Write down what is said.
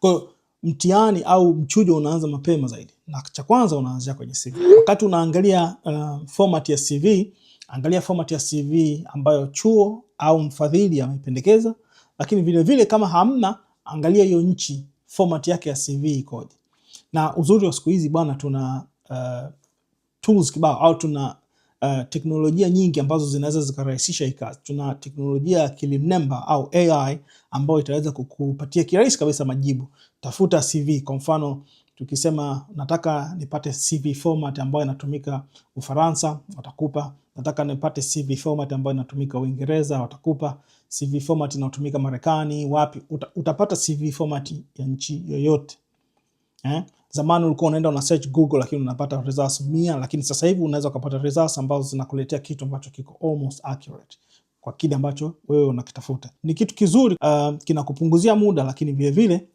Kwa mtihani au mchujo unaanza mapema zaidi, na cha kwanza unaanzia kwenye CV. Wakati unaangalia uh, format ya CV, angalia format ya CV ambayo chuo au mfadhili amependekeza, lakini vilevile vile kama hamna, angalia hiyo nchi format yake ya CV ikoje. Na uzuri wa siku hizi bwana, tuna uh, tools kibao au tuna uh, teknolojia nyingi ambazo zinaweza zikarahisisha hii kazi. Tuna teknolojia ya kilimnemba au AI ambayo itaweza kukupatia kirahisi kabisa majibu. Tafuta CV kwa mfano, tukisema nataka nipate CV format ambayo inatumika Ufaransa, watakupa. Nataka nipate CV format ambayo inatumika Uingereza, watakupa. CV format inayotumika Marekani, wapi? Uta, utapata CV format ya nchi yoyote eh? Zamani ulikuwa unaenda una search Google lakini unapata results mia, lakini sasa hivi unaweza ukapata results ambazo zinakuletea kitu ambacho kiko almost accurate kwa kile ambacho wewe unakitafuta. Ni kitu kizuri uh, kinakupunguzia muda, lakini vilevile